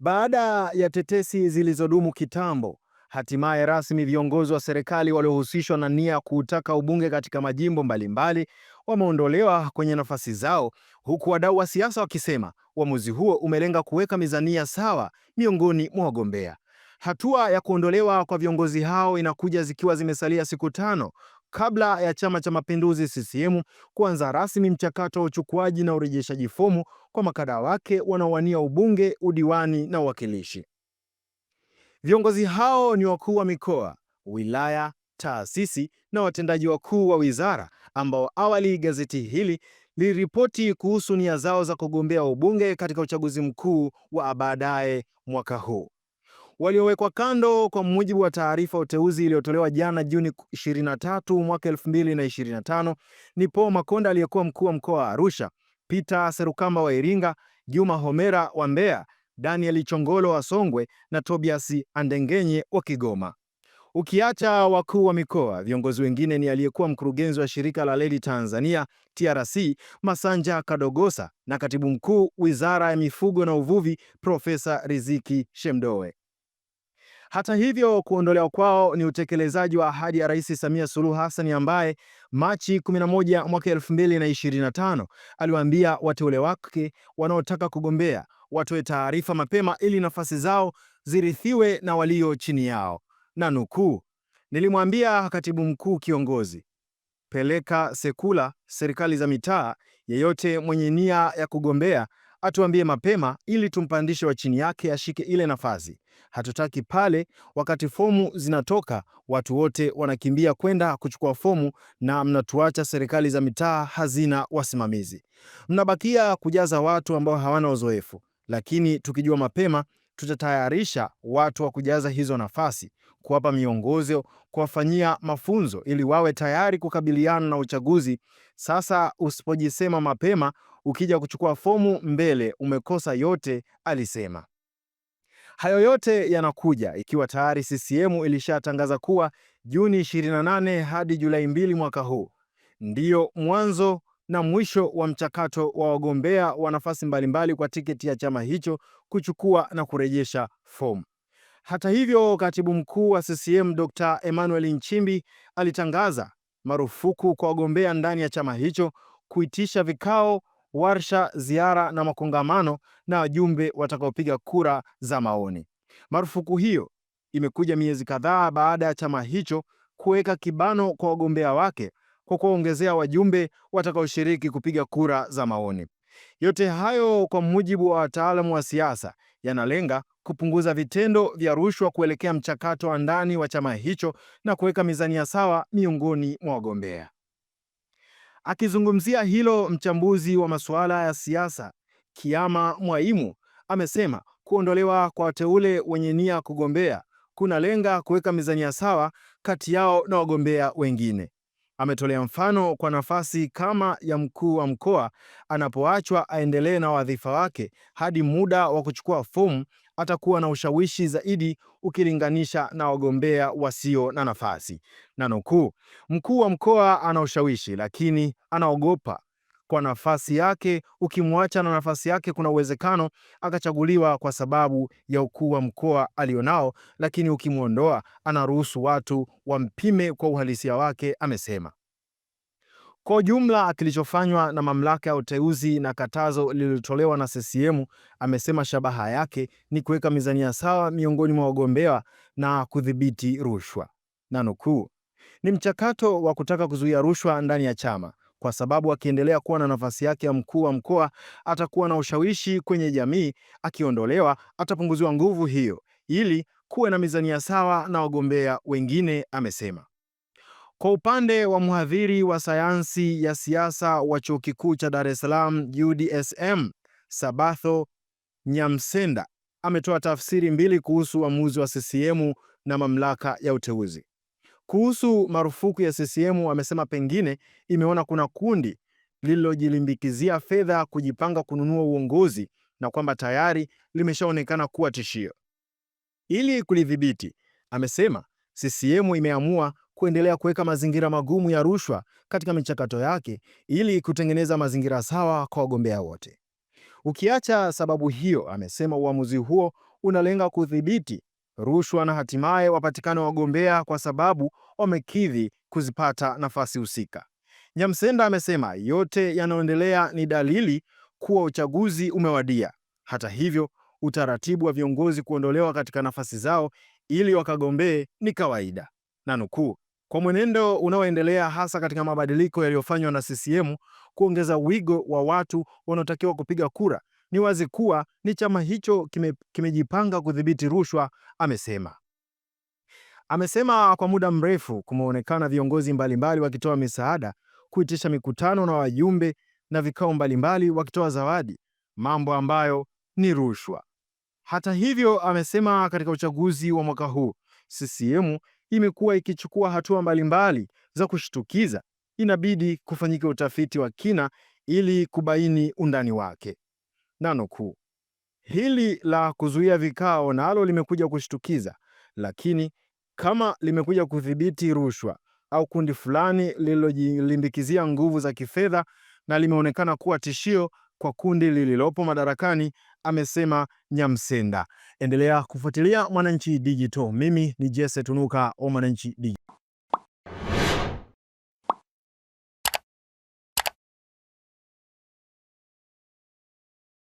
Baada ya tetesi zilizodumu kitambo, hatimaye rasmi viongozi wa serikali waliohusishwa na nia ya kuutaka ubunge katika majimbo mbalimbali wameondolewa kwenye nafasi zao, huku wadau wa siasa wakisema uamuzi huo umelenga kuweka mizania sawa miongoni mwa wagombea. Hatua ya kuondolewa kwa viongozi hao inakuja zikiwa zimesalia siku tano kabla ya Chama cha Mapinduzi CCM kuanza rasmi mchakato wa uchukuaji na urejeshaji fomu kwa makada wake wanaowania ubunge, udiwani na uwakilishi. Viongozi hao ni wakuu wa mikoa, wilaya, taasisi na watendaji wakuu wa wizara ambao awali gazeti hili liliripoti kuhusu nia zao za kugombea ubunge katika uchaguzi mkuu wa baadaye mwaka huu waliowekwa kando kwa mujibu wa taarifa ya uteuzi iliyotolewa jana Juni 23 mwaka 2025 ni Paul Makonda aliyekuwa mkuu wa mkoa wa Arusha, Peter Serukamba wa Iringa, Juma Homera wa Mbeya, Daniel Chongolo wa Songwe na Tobias Andengenye wa Kigoma. Ukiacha wakuu wa mikoa, viongozi wengine ni aliyekuwa mkurugenzi wa shirika la reli Tanzania TRC Masanja Kadogosa na katibu mkuu wizara ya mifugo na uvuvi Profesa Riziki Shemdoe. Hata hivyo, kuondolewa kwao ni utekelezaji wa ahadi ya Rais Samia Suluhu Hassan ambaye Machi 11 mwaka 2025 aliwaambia wateule wake wanaotaka kugombea watoe taarifa mapema ili nafasi zao zirithiwe na walio chini yao, na nukuu, nilimwambia katibu mkuu kiongozi, peleka sekula serikali za mitaa, yeyote mwenye nia ya kugombea atuambie mapema ili tumpandishe wa chini yake ashike ile nafasi. Hatutaki pale wakati fomu zinatoka watu wote wanakimbia kwenda kuchukua fomu na mnatuacha serikali za mitaa hazina wasimamizi. Mnabakia kujaza watu ambao hawana uzoefu, lakini tukijua mapema tutatayarisha watu wa kujaza hizo nafasi, kuwapa miongozo, kuwafanyia mafunzo ili wawe tayari kukabiliana na uchaguzi. Sasa usipojisema mapema, ukija kuchukua fomu mbele, umekosa yote, alisema. Hayo yote yanakuja ikiwa tayari CCM ilishatangaza kuwa Juni 28 hadi Julai 2 mwaka huu ndiyo mwanzo na mwisho wa mchakato wa wagombea wa nafasi mbalimbali kwa tiketi ya chama hicho kuchukua na kurejesha fomu. Hata hivyo, Katibu Mkuu wa CCM Dr. Emmanuel Nchimbi alitangaza marufuku kwa wagombea ndani ya chama hicho kuitisha vikao warsha, ziara na makongamano na wajumbe watakaopiga kura za maoni. Marufuku hiyo imekuja miezi kadhaa baada ya chama hicho kuweka kibano kwa wagombea wake kwa kuwaongezea wajumbe watakaoshiriki kupiga kura za maoni. Yote hayo kwa mujibu wa wataalamu wa siasa yanalenga kupunguza vitendo vya rushwa kuelekea mchakato wa ndani wa chama hicho na kuweka mizania sawa miongoni mwa wagombea. Akizungumzia hilo, mchambuzi wa masuala ya siasa Kiama Mwaimu amesema kuondolewa kwa wateule wenye nia kugombea kunalenga kuweka mizania sawa kati yao na wagombea wengine. Ametolea mfano kwa nafasi kama ya mkuu wa mkoa, anapoachwa aendelee na wadhifa wake hadi muda wa kuchukua fomu atakuwa na ushawishi zaidi ukilinganisha na wagombea wasio na nafasi. Na nukuu, mkuu wa mkoa ana ushawishi lakini anaogopa kwa nafasi yake. Ukimwacha na nafasi yake, kuna uwezekano akachaguliwa kwa sababu ya ukuu wa mkoa alionao, lakini ukimwondoa, anaruhusu watu wampime kwa uhalisia wake, amesema. Kwa ujumla, kilichofanywa na mamlaka ya uteuzi na katazo lililotolewa na CCM, amesema shabaha yake ni kuweka mizania sawa miongoni mwa wagombea na kudhibiti rushwa, na nukuu, ni mchakato wa kutaka kuzuia rushwa ndani ya chama kwa sababu akiendelea kuwa na nafasi yake ya mkuu wa mkoa atakuwa na ushawishi kwenye jamii, akiondolewa atapunguziwa nguvu hiyo, ili kuwe na mizania sawa na wagombea wengine, amesema. Kwa upande wa mhadhiri wa sayansi ya siasa wa Chuo Kikuu cha Dar es Salaam UDSM, Sabatho Nyamsenda ametoa tafsiri mbili kuhusu uamuzi wa CCM na mamlaka ya uteuzi. Kuhusu marufuku ya CCM amesema pengine imeona kuna kundi lililojilimbikizia fedha kujipanga kununua uongozi na kwamba tayari limeshaonekana kuwa tishio. Ili kulidhibiti, amesema CCM imeamua kuendelea kuweka mazingira magumu ya rushwa katika michakato yake ili kutengeneza mazingira sawa kwa wagombea wote. Ukiacha sababu hiyo, amesema uamuzi huo unalenga kudhibiti rushwa na hatimaye wapatikane wagombea kwa sababu wamekidhi kuzipata nafasi husika. Nyamsenda amesema yote yanayoendelea ni dalili kuwa uchaguzi umewadia. Hata hivyo, utaratibu wa viongozi kuondolewa katika nafasi zao ili wakagombee ni kawaida, na nukuu, kwa mwenendo unaoendelea hasa katika mabadiliko yaliyofanywa na CCM kuongeza wigo wa watu wanaotakiwa kupiga kura, ni wazi kuwa ni chama hicho kimejipanga kime kudhibiti rushwa, amesema. Amesema kwa muda mrefu kumeonekana viongozi mbalimbali wakitoa misaada, kuitisha mikutano na wajumbe na vikao mbalimbali wakitoa zawadi, mambo ambayo ni rushwa. Hata hivyo, amesema katika uchaguzi wa mwaka huu CCM imekuwa ikichukua hatua mbalimbali za kushtukiza, inabidi kufanyika utafiti wa kina ili kubaini undani wake. Nano kuu hili la kuzuia vikao nalo limekuja kushtukiza, lakini kama limekuja kudhibiti rushwa au kundi fulani lililojilimbikizia nguvu za kifedha na limeonekana kuwa tishio kwa kundi lililopo madarakani, amesema Nyamsenda. Endelea kufuatilia Mwananchi Digital. Mimi ni Jesse Tunuka wa Mwananchi Digital.